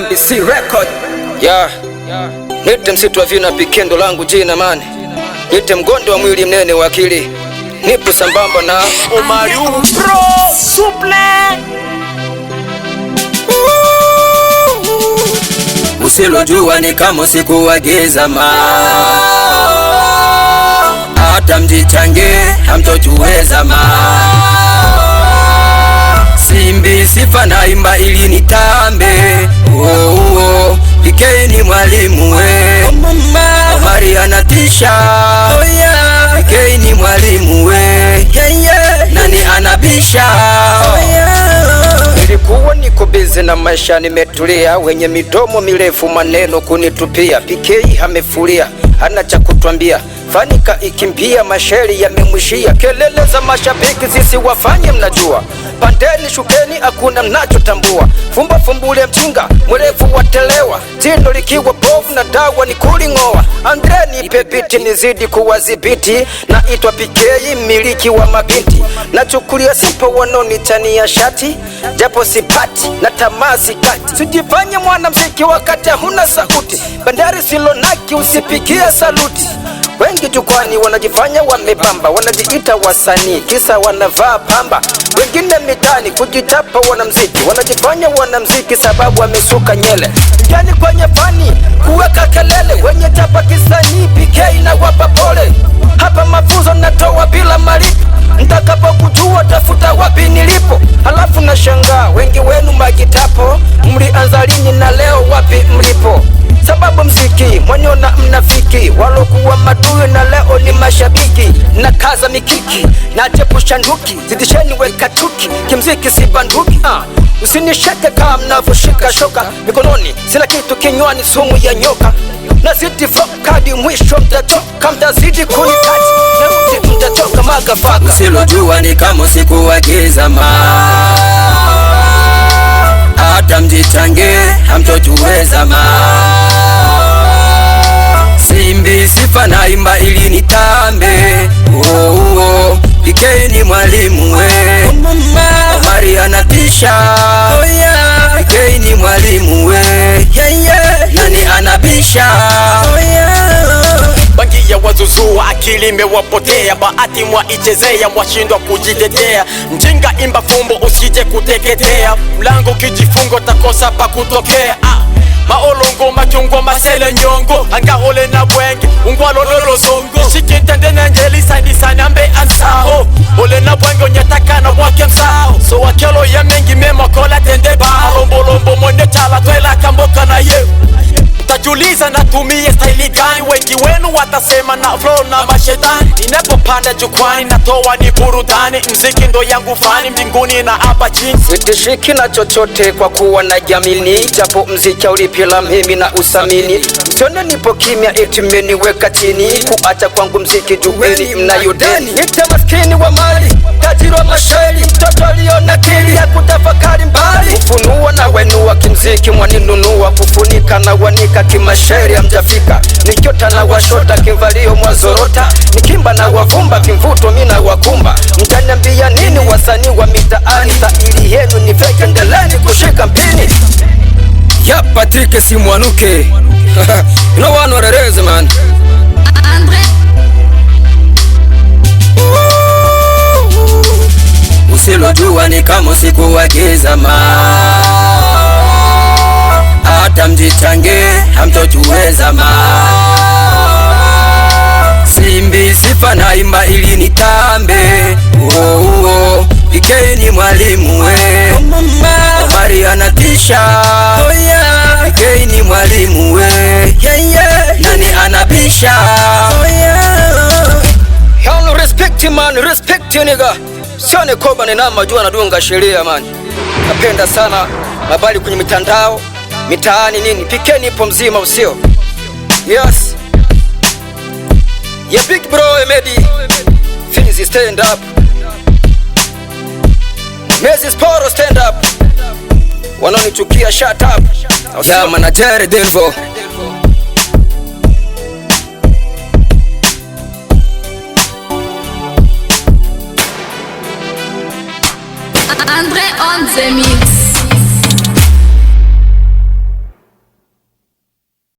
MBC record yeah. Nite msitu wa vina pikendo langu jina mani, nite mgondo wa mwili mnene wa akili, nipo sambamba na Omari Pro Suple Usilojua ni kama usiku wa giza ma hata mjichange hamtojuweza ma simbi sifa imba ili nitambe Jei ni mwalimu we, habari anatisha. Jei ni mwalimu we, nani anabisha? Nilikuwa niko bize na maisha nimetulia, wenye midomo mirefu maneno kunitupia. PK amefulia hana cha kutwambia, fanika ikimbia, masheri yamemwishia, kelele za mashabiki zisiwafanye mnajua pandeni, shukeni, hakuna mnachotambua. Fumba fumbule mjinga mwerevu watelewa, jino likiwa bovu na dawa ni kuling'oa. Andreni pepiti nizidi kuwadhibiti, naitwa Pikei mmiliki wa mabinti, nachukulia sipo wanonitania shati, japo sipati na tamaa sikati, sijifanye mwanamziki wakati huna sauti. Bandari silonaki usipikia saluti Wengi jukwani wanajifanya wamebamba, wanajiita wasanii kisa wanavaa pamba. Wengine mitani kujitapa wanamziki, wanajifanya wanamziki sababu wamesuka nyele. Yaani kwenye fani kuweka kelele, wenye chapa kisanii PK na wapa pole. Hapa mafunzo natoa bila malipo, kujua tafuta wapi nilipo. Halafu na wengi wenu magitapo, mlianza lini na leo wapi mlipo? Sababu mziki mwanyona mnafiki mashabiki na kaza mikiki na jepusha nduki zidisheni weka tuki kimziki sibanduki uh. Ah, Usinisheke kama mnavyoshika shoka mikononi, sina kitu kinywani, sumu ya nyoka na zidi vokadi, mwisho mtatoka, mtazidi kunitati na mtatoka magafaka. Usilojua ni kama usiku wa giza, ma hata mjichange hamtojuweza ma imba ili nitambe oh, oh. Ike ni mwalimu we Omari anatisha oh, yeah. Dikei ni mwalimu we yeah, yeah. Nani anabisha oh, yeah. Bangi ya wazuzua akili imewapotea, bahati mwaichezea, mwashindwa kujitetea. Mjinga imba fumbo usije kuteketea, mlango kijifungo takosa pa kutokea ah. maolongo matyongwa masele nyongo anga ole na bwenge ungwalo lolo zongo shikita ndenenjelisandisana mbe ansaho ole na bwenge onyatakana bwake msaho so wakelo ya mengi memakola tende baho mbolombo monetari wengi wenu watasema na flow na mashetani. Ninapopanda jukwani natoa ni burudani, mziki ndo yangu fani mbinguni na hapa chini. Sitishiki na chochote kwa kuwa na jamini, japo mziki ulipila mimi na usamini. Mtone nipo kimya, eti mmeniweka chini, kuacha kwangu mziki jueni mnayodeni. Nite maskini wa mali, tajiri wa mashairi, mtoto aliona kili kutafakari mbali, funua na wenua kimziki mwaninunu Wanika na wanika kimashairi mjafika nikyota na washota kimvalio mwazorota, nikimba na wavumba kimvuto mina wakumba. Mtaniambia nini wasanii wa mitaani? ili yenu ni feki, endeleni kushika mpini. Ya si mwanuke no one warereze man Usilojua ni kama usiku wa giza man hata mjichange hamtotuweza ma simbi sifa na imba ili nitambe uo ikei ni mwalimu we bahari anatisha ikei ni mwalimu we nani anapisha Respect man, respect you nigga. Sione koba ni namba jua nadunga sheria man. Napenda sana habari kwenye mitandao mitaani nini, pikeni ipo mzima usio yes ye big bro Emedi Fizi stand up Mezi Sporo stand up wanaonichukia shut up ya manager Delvo Andre on the mix